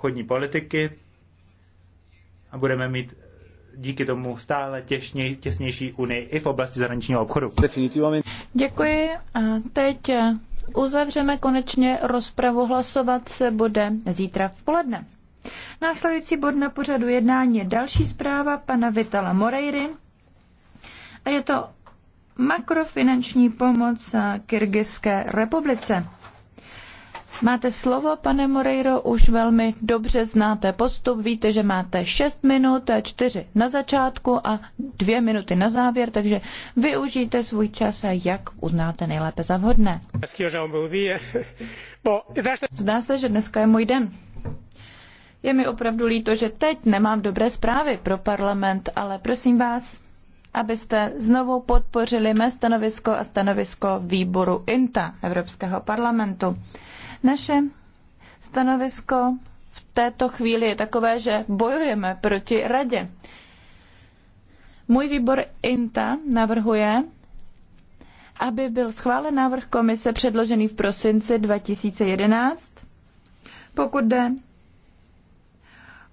obchodní politiky a budeme mít díky tomu stále těsněj, těsnější unii i v oblasti zahraničního obchodu. Děkuji. A teď uzavřeme konečně rozpravu. Hlasovat se bude zítra v poledne. Následující bod na pořadu jednání je další zpráva pana Vitala Morejry. A je to makrofinanční pomoc Kyrgyzské republice. Máte slovo, pane Moreiro, už velmi dobře znáte postup. Víte, že máte 6 minut, 4 na začátku a 2 minuty na závěr, takže využijte svůj čas, jak uznáte nejlépe za vhodné. Zdá se, že dneska je můj den. Je mi opravdu líto, že teď nemám dobré zprávy pro parlament, ale prosím vás, abyste znovu podpořili mé stanovisko a stanovisko výboru INTA Evropského parlamentu. Naše stanovisko v této chvíli je takové, že bojujeme proti radě. Můj výbor INTA navrhuje, aby byl schválen návrh komise předložený v prosinci 2011, pokud jde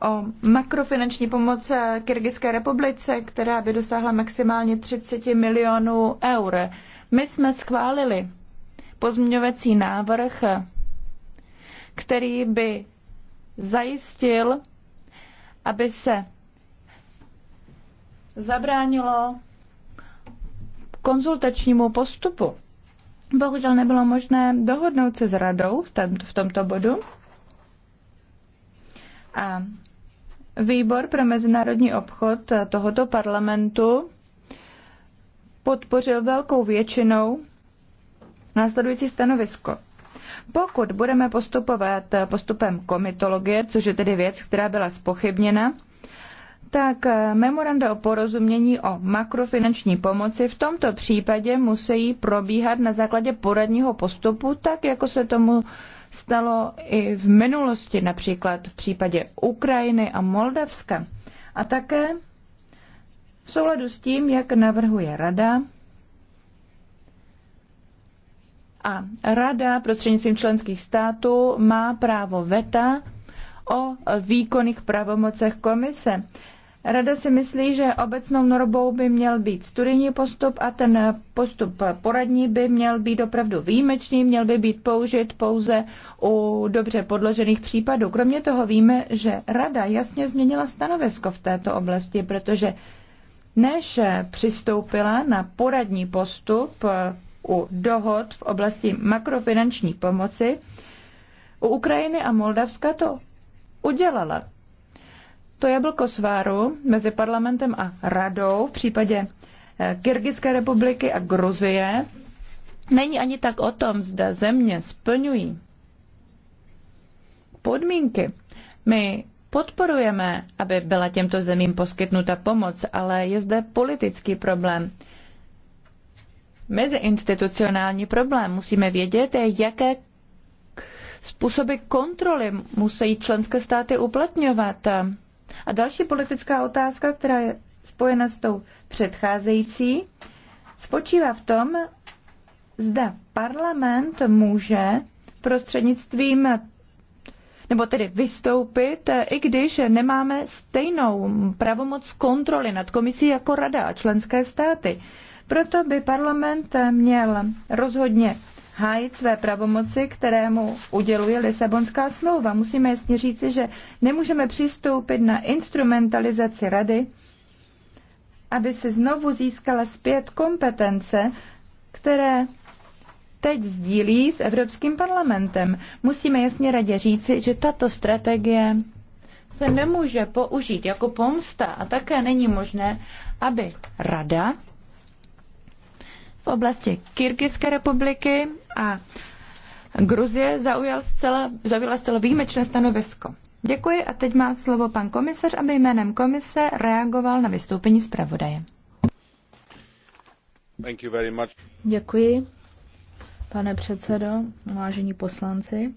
o makrofinanční pomoc Kyrgyzské republice, která by dosáhla maximálně 30 milionů eur. My jsme schválili pozměňovací návrh který by zajistil, aby se zabránilo konzultačnímu postupu. Bohužel nebylo možné dohodnout se s radou v, tém, v tomto bodu. A výbor pro mezinárodní obchod tohoto parlamentu podpořil velkou většinou následující stanovisko. Pokud budeme postupovat postupem komitologie, což je tedy věc, která byla spochybněna, tak memoranda o porozumění o makrofinanční pomoci v tomto případě musí probíhat na základě poradního postupu, tak jako se tomu stalo i v minulosti, například v případě Ukrajiny a Moldavska. A také v souladu s tím, jak navrhuje Rada, a Rada prostřednictvím členských států má právo veta o výkonných pravomocech komise. Rada si myslí, že obecnou normou by měl být studijní postup a ten postup poradní by měl být opravdu výjimečný, měl by být použit pouze u dobře podložených případů. Kromě toho víme, že Rada jasně změnila stanovisko v této oblasti, protože než přistoupila na poradní postup u dohod v oblasti makrofinanční pomoci, u Ukrajiny a Moldavska to udělala. To je sváru mezi parlamentem a radou v případě eh, Kyrgyzské republiky a Gruzie. Není ani tak o tom, zda země splňují podmínky. My podporujeme, aby byla těmto zemím poskytnuta pomoc, ale je zde politický problém meziinstitucionální problém. Musíme vědět, jaké způsoby kontroly musí členské státy uplatňovat. A další politická otázka, která je spojena s tou předcházející, spočívá v tom, zda parlament může prostřednictvím nebo tedy vystoupit, i když nemáme stejnou pravomoc kontroly nad komisí jako rada a členské státy. Proto by parlament měl rozhodně hájit své pravomoci, kterému uděluje Lisabonská smlouva. Musíme jasně říci, že nemůžeme přistoupit na instrumentalizaci rady, aby se znovu získala zpět kompetence, které teď sdílí s Evropským parlamentem. Musíme jasně radě říci, že tato strategie se nemůže použít jako pomsta a také není možné, aby rada v oblasti Kyrgyzské republiky a Gruzie zaujal zcela, zaujala zcela výjimečné stanovisko. Děkuji a teď má slovo pan komisař, aby jménem komise reagoval na vystoupení zpravodaje. Děkuji, pane předsedo, vážení poslanci.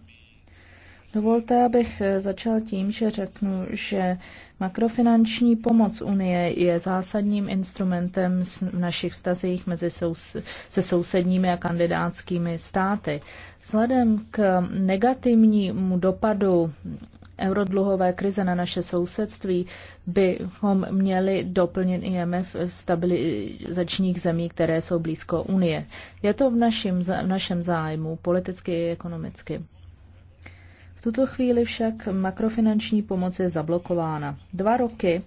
Dovolte, abych eh, začal tím, že řeknu, že makrofinanční pomoc Unie je zásadním instrumentem v našich vztazích mezi sous- se sousedními a kandidátskými státy. Vzhledem k negativnímu dopadu eurodluhové krize na naše sousedství bychom měli doplnit IMF stabilizačních zemí, které jsou blízko Unie. Je to v našem, v našem zájmu, politicky i ekonomicky. V tuto chvíli však makrofinanční pomoc je zablokována. Dva roky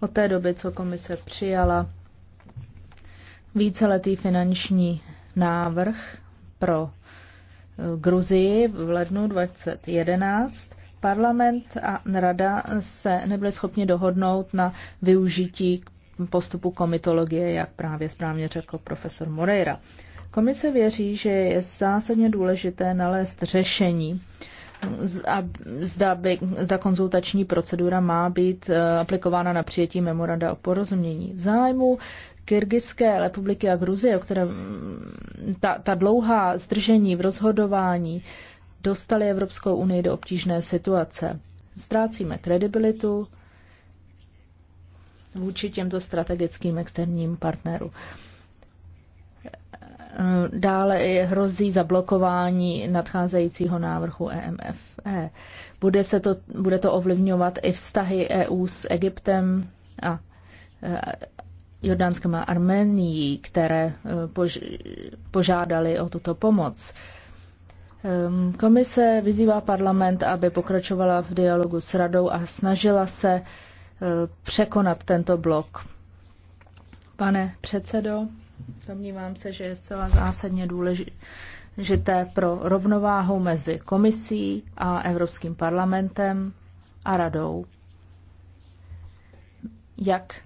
od té doby, co komise přijala víceletý finanční návrh pro eh, Gruzii v lednu 2011, parlament a rada se nebyly schopni dohodnout na využití postupu komitologie, jak právě správně řekl profesor Moreira. Komise věří, že je zásadně důležité nalézt řešení zda, by, zda konzultační procedura má být eh, aplikována na přijetí memoranda o porozumění. V zájmu Kyrgyzské republiky a Gruzie, o které mm, ta, ta dlouhá zdržení v rozhodování dostali Evropskou unii do obtížné situace. Ztrácíme kredibilitu vůči těmto strategickým externím partnerům. Dále hrozí zablokování nadcházejícího návrhu EMFE. E. Bude, se to, bude to ovlivňovat i vztahy EU s Egyptem a e, Jordánskem a Armenií, které e, požádali o tuto pomoc. Ehm, komise vyzývá parlament, aby pokračovala v dialogu s radou a snažila se překonat tento blok. Pane předsedo, Domnívám se, že je zcela zásadně důležité pro rovnováhu mezi komisí a Evropským parlamentem a radou. Jak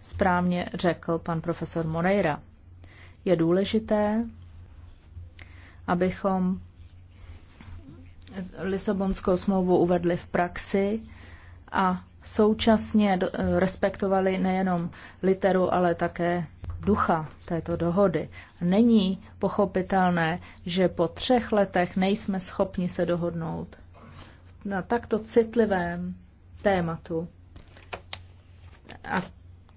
správně řekl pan profesor Moreira, je důležité, abychom Lisabonskou smlouvu uvedli v praxi a současně respektovali nejenom literu, ale také ducha této dohody. Není pochopitelné, že po třech letech nejsme schopni se dohodnout na takto citlivém tématu a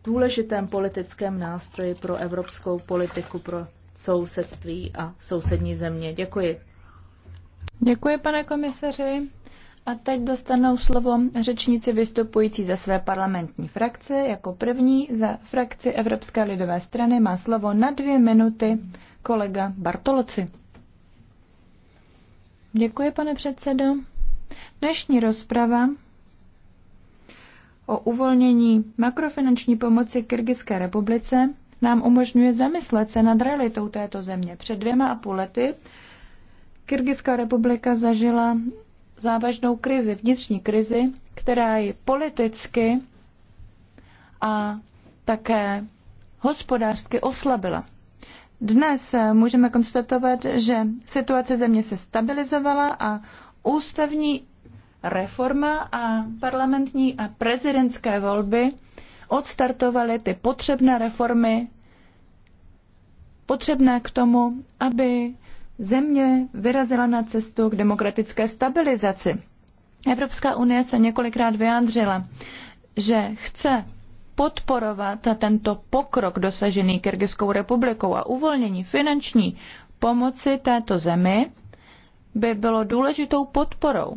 důležitém politickém nástroji pro evropskou politiku pro sousedství a sousední země. Děkuji. Děkuji, pane komisaři. A teď dostanou slovo řečníci vystupující za své parlamentní frakce. Jako první za frakci Evropské lidové strany má slovo na dvě minuty kolega Bartoloci. Děkuji, pane předsedo. Dnešní rozprava o uvolnění makrofinanční pomoci Kyrgyzské republice nám umožňuje zamyslet se nad realitou této země. Před dvěma a půl lety Kyrgyzská republika zažila závažnou krizi, vnitřní krizi, která ji politicky a také hospodářsky oslabila. Dnes můžeme konstatovat, že situace země se stabilizovala a ústavní reforma a parlamentní a prezidentské volby odstartovaly ty potřebné reformy, potřebné k tomu, aby země vyrazila na cestu k demokratické stabilizaci. Evropská unie se několikrát vyjádřila, že chce podporovat tento pokrok dosažený Kyrgyzskou republikou a uvolnění finanční pomoci této zemi by bylo důležitou podporou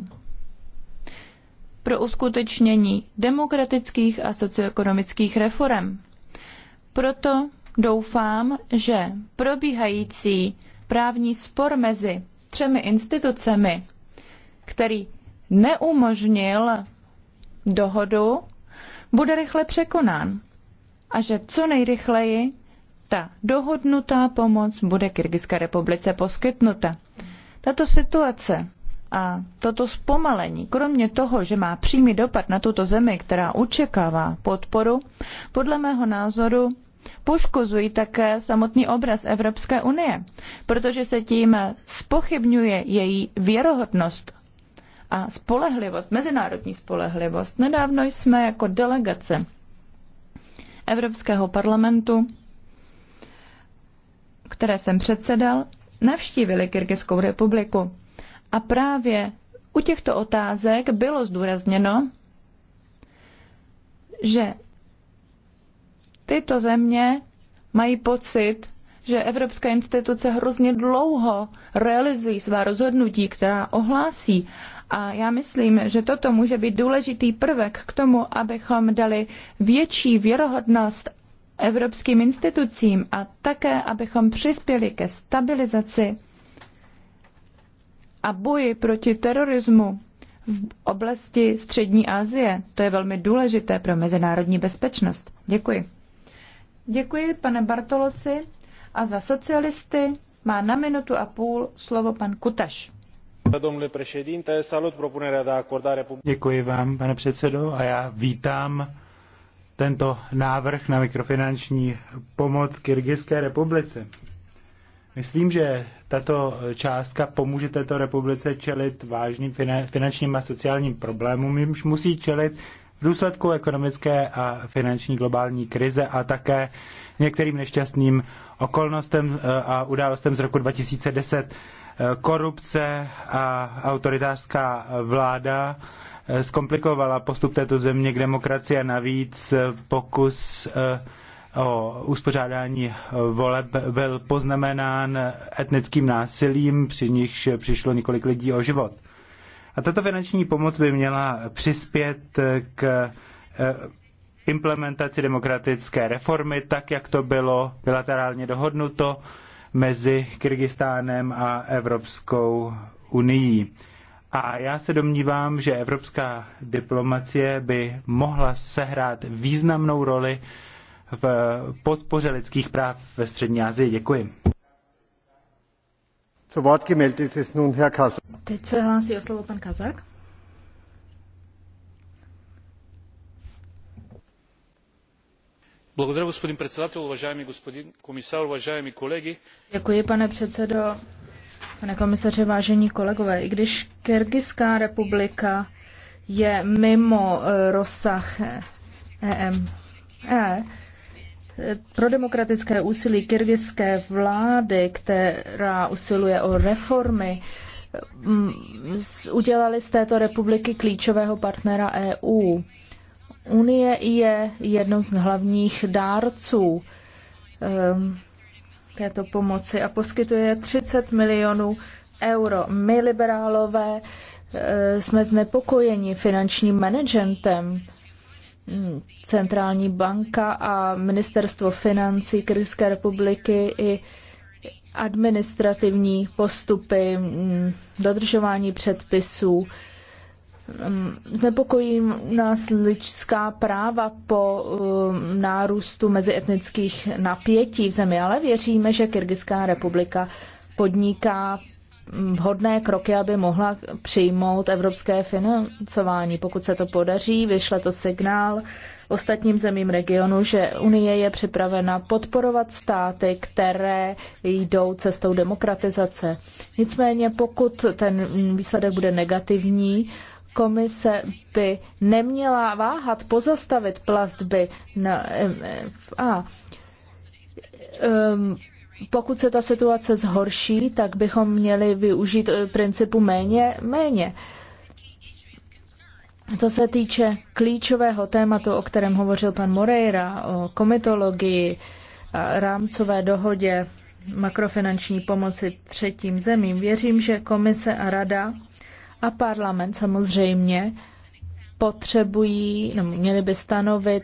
pro uskutečnění demokratických a socioekonomických reform. Proto doufám, že probíhající právní spor mezi třemi institucemi, který neumožnil dohodu, bude rychle překonán a že co nejrychleji ta dohodnutá pomoc bude Kyrgyzské republice poskytnuta. Tato situace a toto zpomalení, kromě toho, že má přímý dopad na tuto zemi, která očekává podporu, podle mého názoru poškozují také samotný obraz Evropské unie, protože se tím spochybňuje její věrohodnost a spolehlivost, mezinárodní spolehlivost. Nedávno jsme jako delegace Evropského parlamentu, které jsem předsedal, navštívili Kyrgyzskou republiku. A právě u těchto otázek bylo zdůrazněno, že tyto země mají pocit, že evropské instituce hrozně dlouho realizují svá rozhodnutí, která ohlásí. A já myslím, že toto může být důležitý prvek k tomu, abychom dali větší věrohodnost evropským institucím a také, abychom přispěli ke stabilizaci a boji proti terorismu v oblasti Střední Asie. To je velmi důležité pro mezinárodní bezpečnost. Děkuji. Děkuji, pane Bartoloci. A za socialisty má na minutu a půl slovo pan Kutaš. Děkuji vám, pane předsedo, a já vítám tento návrh na mikrofinanční pomoc Kyrgyzské republice. Myslím, že tato částka pomůže této republice čelit vážným finančním a sociálním problémům, jimž musí čelit v důsledku ekonomické a finanční globální krize a také některým nešťastným okolnostem eh, a událostem z roku 2010 eh, korupce a autoritářská vláda eh, zkomplikovala postup této země k demokracii a navíc pokus o uspořádání voleb byl poznamenán etnickým násilím, při nichž přišlo několik lidí o život. A tato finanční pomoc by měla přispět k eh, implementaci demokratické reformy, tak jak to bylo bilaterálně dohodnuto mezi Kyrgyzstánem a Evropskou unii. A já se domnívám, že evropská diplomacie by mohla sehrát významnou roli v podpoře lidských práv ve Střední Asii. Děkuji. Er Teď se hlásí o slovo pan Kazak. господин председател. Уважаеми господин комисар, уважаеми колеги. Děkuji, pane předsedo, pane komisaře, vážení kolegové. I když Kyrgyzská republika je mimo eh, rozsah EME, eh, pro demokratické úsilí kyrgyzské vlády, která usiluje o reformy, mm, udělali z této republiky klíčového partnera EU. Unie je jednou z hlavních dárců ehm, této pomoci a poskytuje 30 milionů euro. My, liberálové, eh, jsme znepokojeni finančním managementem centrální banka a ministerstvo financí Krymské republiky i administrativní postupy, mm, dodržování předpisů. Mm, znepokojí nás lidská práva po mm, nárůstu mezietnických napětí v zemi, ale věříme, že Kyrgyzská republika podniká vhodné kroky, aby mohla přijmout evropské financování. Pokud se to podaří, vyšle to signál ostatním zemím regionu, že Unie je připravena podporovat státy, které jdou cestou demokratizace. Nicméně, pokud ten výsledek bude negativní, komise by neměla váhat pozastavit platby na A, Um, pokud se ta situace zhorší, tak bychom měli využít eh, principu méně, méně. Co se týče klíčového tématu, o kterém hovořil pan Moreira, o komitologii, rámcové dohodě, makrofinanční pomoci třetím zemím, věřím, že komise a rada a parlament samozřejmě potřebují, no, měli by stanovit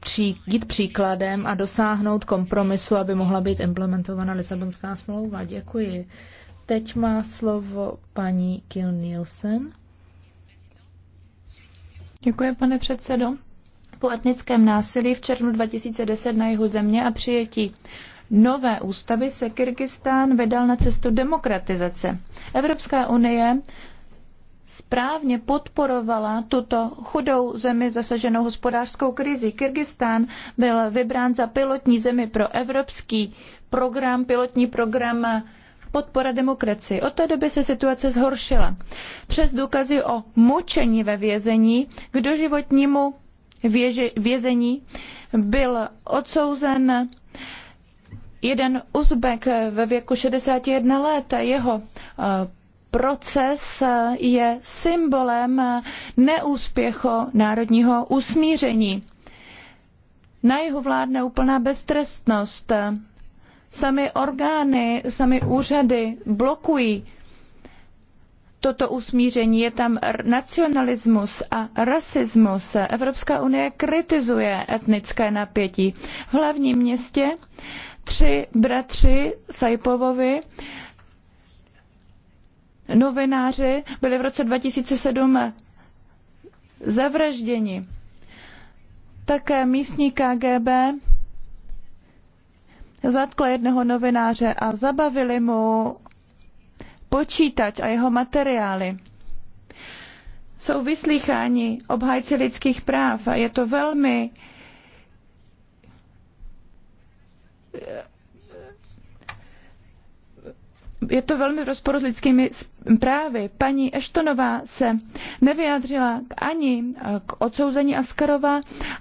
pří, jít příkladem a dosáhnout kompromisu, aby mohla být implementována Lisabonská smlouva. Děkuji. Teď má slovo paní Kil Nielsen. Děkuji, pane předsedo. Po etnickém násilí v červnu 2010 na jihu země a přijetí nové ústavy se Kyrgyzstán vydal na cestu demokratizace. Evropská unie správně podporovala tuto chudou zemi zasaženou hospodářskou krizi. Kyrgyzstán byl vybrán za pilotní zemi pro evropský program, pilotní program podpora demokracii. Od té doby se situace zhoršila. Přes důkazy o mučení ve vězení k doživotnímu vězení byl odsouzen jeden Uzbek ve věku 61 let. a Jeho eh, proces je symbolem neúspěchu národního usmíření. Na jihu vládne úplná beztrestnost. Sami orgány, sami úřady blokují toto usmíření. Je tam nacionalismus a rasismus. Evropská unie kritizuje etnické napětí. V hlavním městě tři bratři Saipovovi novináři byli v roce 2007 zavražděni. Také místní KGB zatkla jednoho novináře a zabavili mu počítač a jeho materiály. Jsou vyslýcháni obhájci lidských práv a je to velmi je to velmi v rozporu s lidskými právy. Paní Eštonová se nevyjádřila ani eh, k odsouzení Askarova,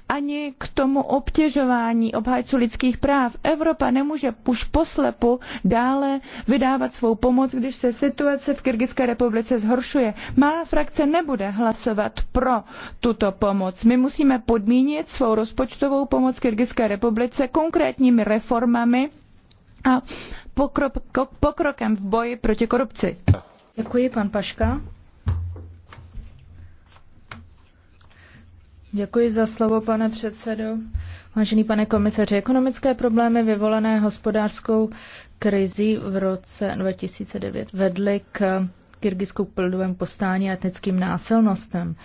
ani k tomu obtěžování obhájců lidských práv. Evropa nemůže už poslepu dále vydávat svou pomoc, když se situace v Kyrgyzské republice zhoršuje. Má frakce nebude hlasovat pro tuto pomoc. My musíme podmínit svou rozpočtovou pomoc Kyrgyzské republice konkrétními reformami a pokrok, pokrokem v boji proti korupci. Děkuji, pan Paška. Děkuji za slovo, pane předsedo. Vážený pane komisaři, ekonomické problémy vyvolané hospodářskou krizí v roce 2009 vedly k Kyrgyzsku k plodovém povstání a etnickým násilnostem.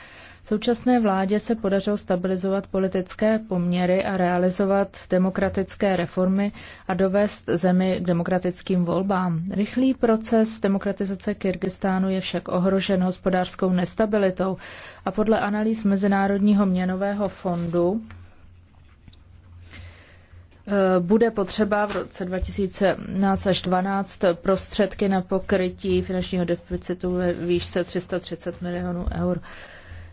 Současné vládě se podařilo stabilizovat politické poměry a realizovat demokratické reformy a dovést zemi k demokratickým volbám. Rychlý proces demokratizace Kyrgyzstánu je však ohrožen hospodářskou nestabilitou a podle analýz Mezinárodního měnového fondu eh, bude potřeba v roce 2011 až 2012 prostředky na pokrytí finančního deficitu ve výšce 330 milionů eur.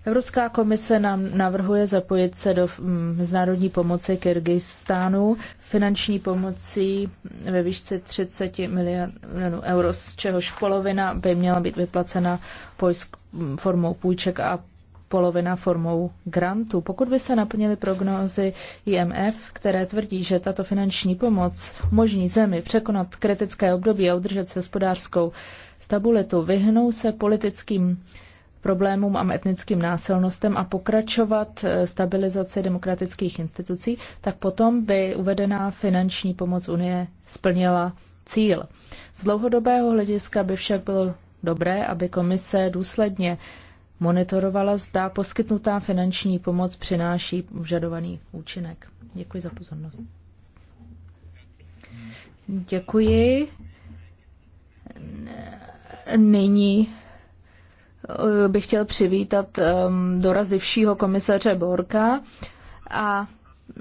Evropská komise nám navrhuje zapojit se do mm, mezinárodní pomoci Kyrgyzstánu finanční pomocí ve výšce 30 milionů euro, z čehož polovina by měla být vyplacena pojsk, mm, formou půjček a polovina formou grantu. Pokud by se naplnily prognózy IMF, které tvrdí, že tato finanční pomoc možní zemi překonat kritické období a udržet se hospodářskou stabilitu, vyhnou se politickým problémům a etnickým násilnostem a pokračovat eh, stabilizaci demokratických institucí, tak potom by uvedená finanční pomoc Unie splnila cíl. Z dlouhodobého hlediska by však bylo dobré, aby komise důsledně monitorovala, zda poskytnutá finanční pomoc přináší vžadovaný účinek. Děkuji za pozornost. Děkuji. Nyní Eh, bych chtěl přivítat dorazivšího komisaře Borka a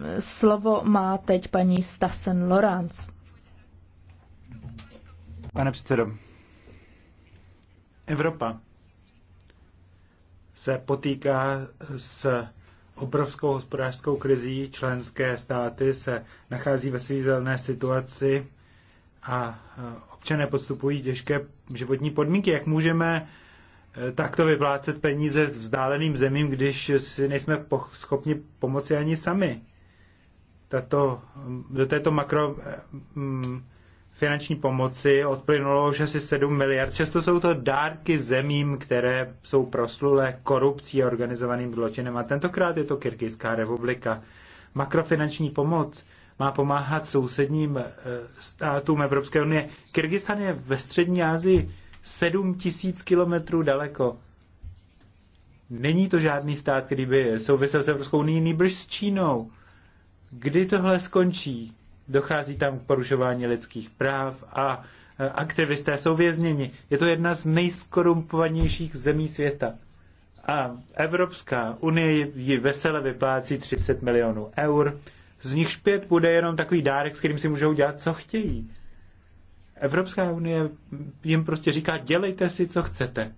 eh, slovo má teď paní Stassen Lorenz. Pane předsedo, Evropa se potýká s obrovskou hospodářskou krizí. Členské státy se nachází ve svízelné situaci a eh, občané postupují těžké životní podmínky. Jak můžeme Eh, takto vyplácet peníze vzdáleným zemím, když si nejsme schopni pomoci ani sami. Tato, do této makro eh, mm, finanční pomoci odplynulo už asi 7 miliard. Často jsou to dárky zemím, které jsou proslulé korupcí a organizovaným zločinem. A tentokrát je to Kyrgyzská republika. Makrofinanční pomoc má pomáhat sousedním eh, státům Evropské unie. Kyrgyzstan je ve střední Asii 7 tisíc kilometrů daleko. Není to žádný stát, který by souvisel s Evropskou unii, nejbrž s Čínou. Kdy tohle skončí? Dochází tam k porušování lidských práv a e, aktivisté jsou vězněni. Je to jedna z nejskorumpovanějších zemí světa. A Evropská unie ji vesele vyplácí 30 milionů eur, z nichž pět bude jenom takový dárek, s kterým si můžou dělat, co chtějí. Evropská unie jim prostě říká, dělejte si, co chcete.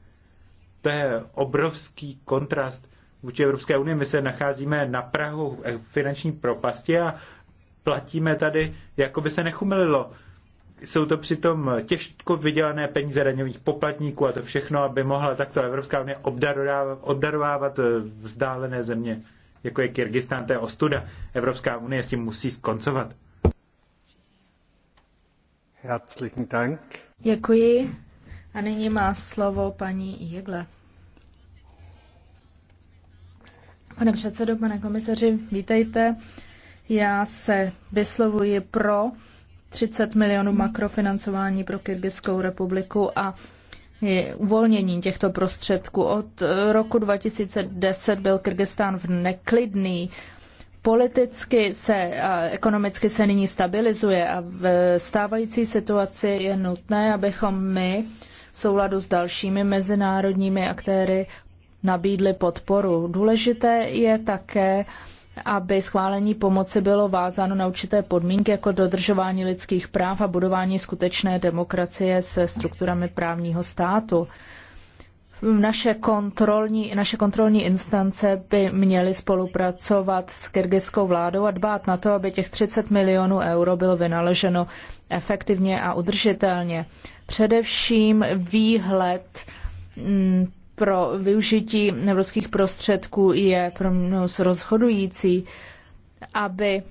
To je obrovský kontrast vůči Evropské unii. My se nacházíme na Prahu finanční propasti a platíme tady, jako by se nechumililo. Jsou to přitom těžko vydělané peníze daňových poplatníků a to všechno, aby mohla takto Evropská unie obdarovávat eh, vzdálené země, jako je Kyrgyzstán, to je ostuda. Evropská unie s tím musí skoncovat. Herzlichen Dank. Děkuji. A nyní má slovo paní Jegle. Pane předsedo, pane komisaři, vítejte. Já se vyslovuji pro 30 milionů makrofinancování pro Kyrgyzskou republiku a uvolnění těchto prostředků. Od roku 2010 byl Kyrgyzstán v neklidný Politicky se a ekonomicky se nyní stabilizuje a v stávající situaci je nutné, abychom my v souladu s dalšími mezinárodními aktéry nabídli podporu. Důležité je také, aby schválení pomoci bylo vázáno na určité podmínky jako dodržování lidských práv a budování skutečné demokracie se strukturami právního státu. Naše kontrolní, naše kontrolní instance by měly spolupracovat s kyrgyzskou vládou a dbát na to, aby těch 30 milionů euro bylo vynaleženo efektivně a udržitelně. Především výhled mm, pro využití evropských prostředků je pro mě rozhodující, aby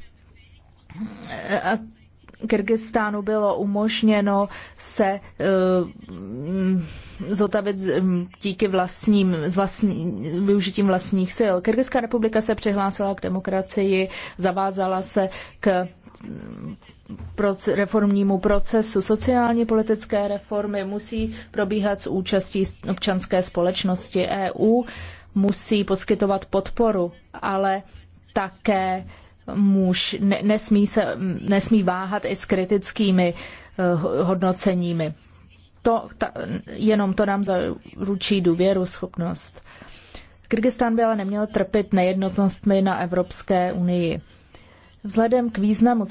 Kyrgyzstánu bylo umožněno se eh, mm, zotavit mm, díky vlastním, z vlastní, využitím vlastních sil. Kyrgyzská republika se přihlásila k demokracii, zavázala se k mm, reformnímu procesu. Sociálně politické reformy musí probíhat s účastí občanské společnosti EU, musí poskytovat podporu, ale také muž ne, nesmí, se, nesmí váhat i s kritickými eh, hodnoceními. To, ta, jenom to nám zaručí důvěru, schopnost. Kyrgyzstán by ale neměl trpět nejednotnostmi na Evropské unii. Vzhledem k významu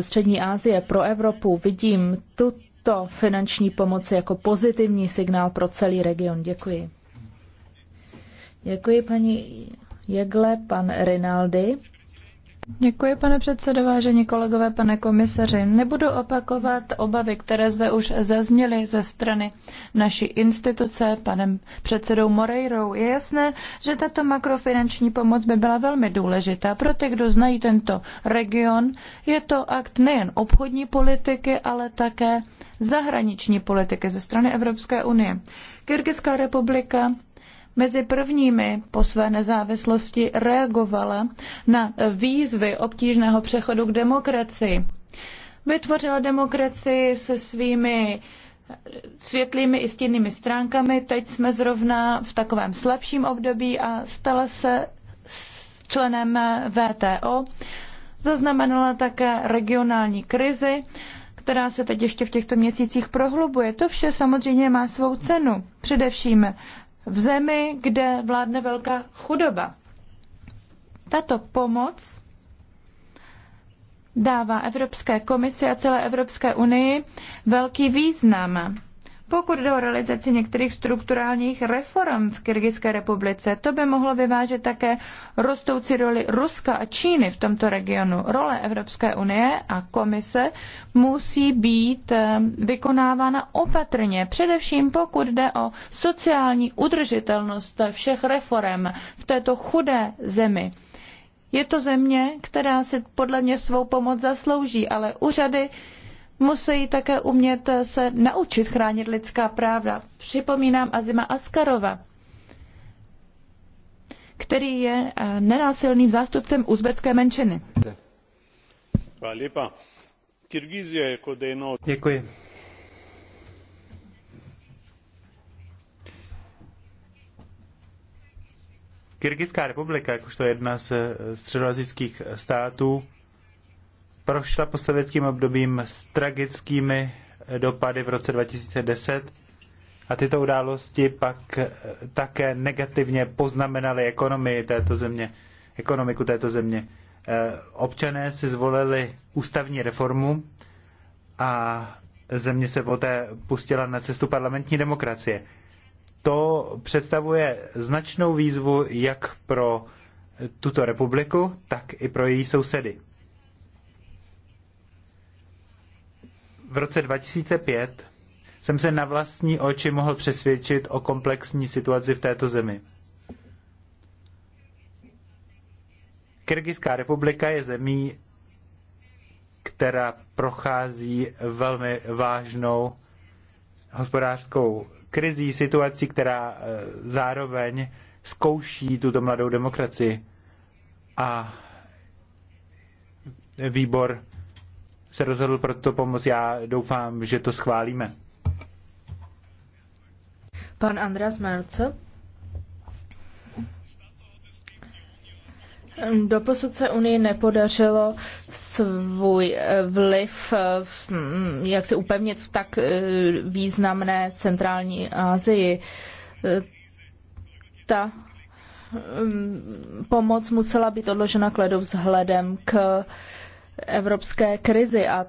Střední Asie pro Evropu vidím tuto finanční pomoc jako pozitivní signál pro celý region. Děkuji. Děkuji paní Jegle, pan Rinaldi. Děkuji, pane předsedo, vážení kolegové, pane komisaři. Nebudu opakovat obavy, které zde už zazněly ze strany naší instituce panem předsedou Moreirou. Je jasné, že tato makrofinanční pomoc by byla velmi důležitá. Pro ty, kdo znají tento region, je to akt nejen obchodní politiky, ale také zahraniční politiky ze strany Evropské unie. Kyrgyzská republika mezi prvními po své nezávislosti reagovala na výzvy obtížného přechodu k demokracii. Vytvořila demokracii se svými eh, světlými i stěnnými stránkami. Teď jsme zrovna v takovém slabším období a stala se členem VTO. Zaznamenala také regionální krizi, která se teď ještě v těchto měsících prohlubuje. To vše samozřejmě má svou cenu. Především v zemi, kde vládne velká chudoba. Tato pomoc dává Evropské komisi a celé Evropské unii velký význam pokud jde o realizaci některých strukturálních reform v Kyrgyzské republice, to by mohlo vyvážet také rostoucí roli Ruska a Číny v tomto regionu. Role Evropské unie a komise musí být eh, vykonávána opatrně, především pokud jde o sociální udržitelnost všech reform v této chudé zemi. Je to země, která si podle mě svou pomoc zaslouží, ale úřady musí také umět se naučit chránit lidská práva. Připomínám Azima Askarova, který je eh, nenásilným zástupcem uzbecké menšiny. Děkuji. Kyrgyzská republika, jakožto jedna z středoazijských států, prošla po sovětským obdobím s tragickými eh, dopady v roce 2010 a tyto události pak eh, také negativně poznamenaly ekonomii této země, ekonomiku této země. Eh, občané si zvolili ústavní reformu a země se poté pustila na cestu parlamentní demokracie. To představuje značnou výzvu jak pro tuto republiku, tak i pro její sousedy. v roce 2005 jsem se na vlastní oči mohl přesvědčit o komplexní situaci v této zemi. Kyrgyzská republika je zemí, která prochází velmi vážnou hospodářskou krizí, situací, která eh, zároveň zkouší tuto mladou demokracii. A výbor se rozhodl pro tuto pomoc. Já doufám, že to schválíme. Pan Andreas Merce. Doposud se Unii nepodařilo svůj eh, vliv, eh, hm, jak se upevnit v tak eh, významné centrální Asii. Ta hm, pomoc musela být odložena k ledu vzhledem k evropské krizi a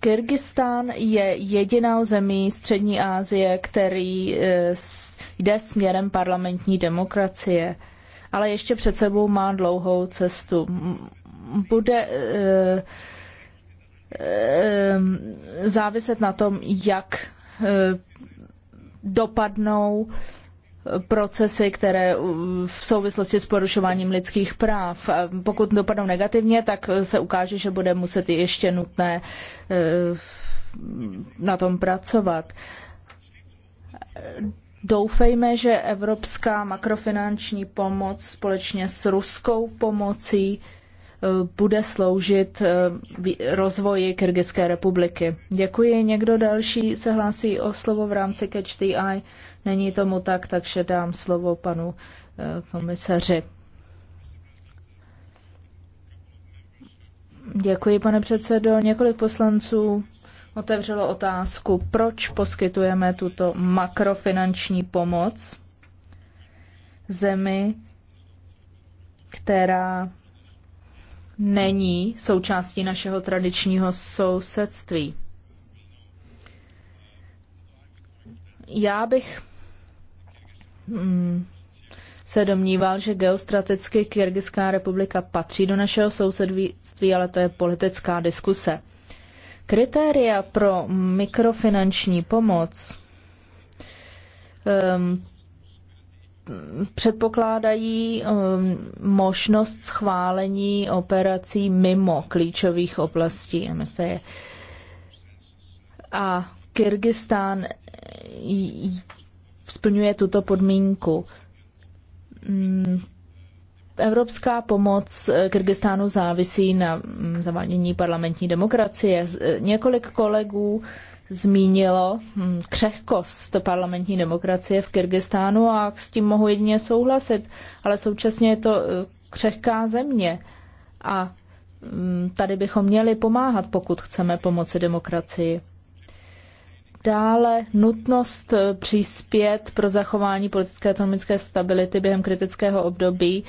Kyrgyzstán je jedinou zemí Střední Asie, který eh, jde směrem parlamentní demokracie, ale ještě před sebou má dlouhou cestu. Bude eh, eh, záviset na tom, jak dopadnou procesy, které v souvislosti s porušováním lidských práv. Pokud dopadnou negativně, tak e, se ukáže, že bude muset ještě nutné e, na tom pracovat. Doufejme, že evropská makrofinanční pomoc společně s ruskou pomocí e, bude sloužit rozvoji Kyrgyzské republiky. Děkuji. Někdo další se hlásí o slovo v rámci Catch the Eye? Není tomu tak, takže dám slovo panu eh, komisaři. Děkuji, pane předsedo. Několik poslanců otevřelo otázku, proč poskytujeme tuto makrofinanční pomoc zemi, která není součástí našeho tradičního sousedství. Já bych Mm, se domníval, že geostraticky Kyrgyzská republika patří do našeho sousedství, ale to je politická diskuse. Kritéria pro mikrofinanční pomoc um, předpokládají um, možnost schválení operací mimo klíčových oblastí MFE. A Kyrgyzstán splňuje tuto podmínku. Mm, Evropská pomoc eh, Kyrgyzstánu závisí na mm, zavádění parlamentní demokracie. Eh, několik kolegů zmínilo mm, křehkost parlamentní demokracie v Kyrgyzstánu a s tím mohu jedině souhlasit, ale současně je to eh, křehká země a tady bychom měli pomáhat, pokud chceme pomoci demokracii. Dále nutnost eh, přispět pro zachování politické a ekonomické stability během kritického období,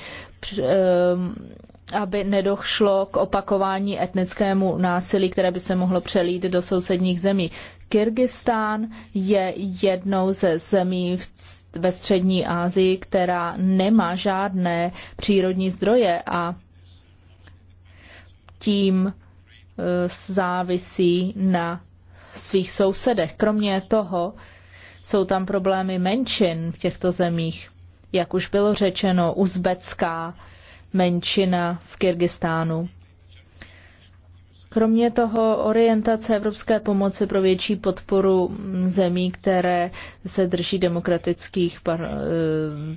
ehm, aby nedošlo k opakování etnickému násilí, které by se mohlo přelít do sousedních zemí. Kyrgyzstán je jednou ze zemí v, ve střední Asii, která nemá žádné přírodní zdroje a tím eh, závisí na svých sousedech. Kromě toho jsou tam problémy menšin v těchto zemích. Jak už bylo řečeno, uzbecká menšina v Kyrgyzstánu. Kromě toho orientace evropské pomoci pro větší podporu zemí, které se drží demokratických eh,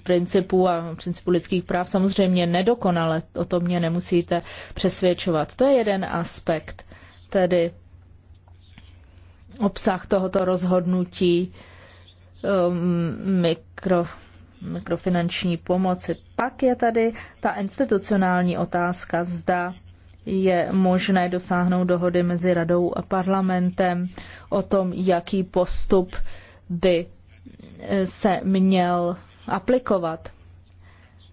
principů a principů lidských práv, samozřejmě nedokonale, o to mě nemusíte přesvědčovat. To je jeden aspekt, tedy obsah tohoto rozhodnutí um, mikro, mikrofinanční pomoci. Pak je tady ta institucionální otázka, zda je možné dosáhnout dohody mezi radou a parlamentem o tom, jaký postup by eh, se měl aplikovat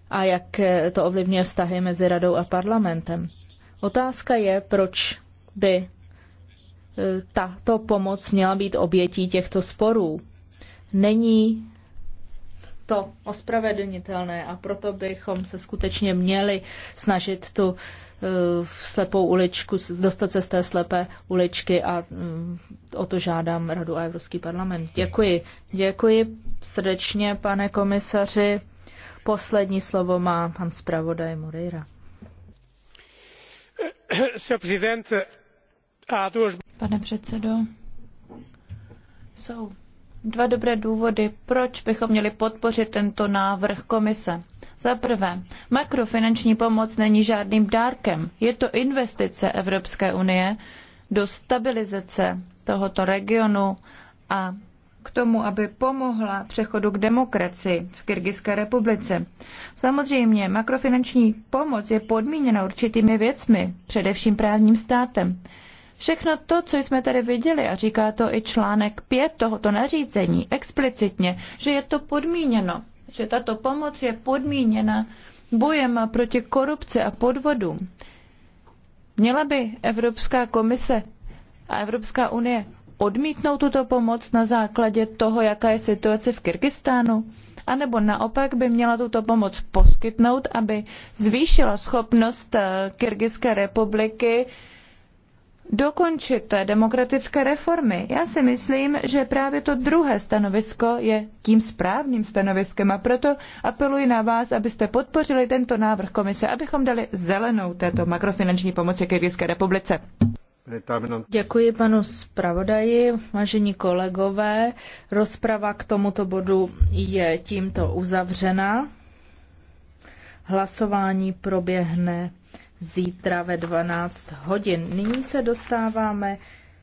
a jak eh, to ovlivňuje vztahy mezi radou a parlamentem. Otázka je, proč by E, tato pomoc měla být obětí těchto sporů. Není to ospravedlnitelné a proto bychom se skutečně měli snažit tu e, slepou uličku, dostat se z té slepé uličky a e, o to žádám Radu a Evropský parlament. Děkuji. Děkuji srdečně, pane komisaři. Poslední slovo má pan zpravodaj Moreira. Pane předsedo, jsou dva dobré důvody, proč bychom měli podpořit tento návrh komise. Za prvé, makrofinanční pomoc není žádným dárkem. Je to investice Evropské unie do stabilizace tohoto regionu a k tomu, aby pomohla přechodu k demokracii v Kyrgyzské republice. Samozřejmě, makrofinanční pomoc je podmíněna určitými věcmi, především právním státem. Všechno to, co jsme tady viděli, a říká to i článek 5 tohoto nařízení explicitně, že je to podmíněno, že tato pomoc je podmíněna bojem proti korupci a podvodům. Měla by Evropská komise a Evropská unie odmítnout tuto pomoc na základě toho, jaká je situace v Kyrgyzstánu? A nebo naopak by měla tuto pomoc poskytnout, aby zvýšila schopnost eh, Kyrgyzské republiky dokončit demokratické reformy. Já si myslím, že právě to druhé stanovisko je tím správným stanoviskem a proto apeluji na vás, abyste podpořili tento návrh komise, abychom dali zelenou této makrofinanční pomoci Kyrgyzské republice. Děkuji panu zpravodaji, vážení kolegové. Rozprava k tomuto bodu je tímto uzavřena. Hlasování proběhne zítra ve 12 hodin. Nyní se dostáváme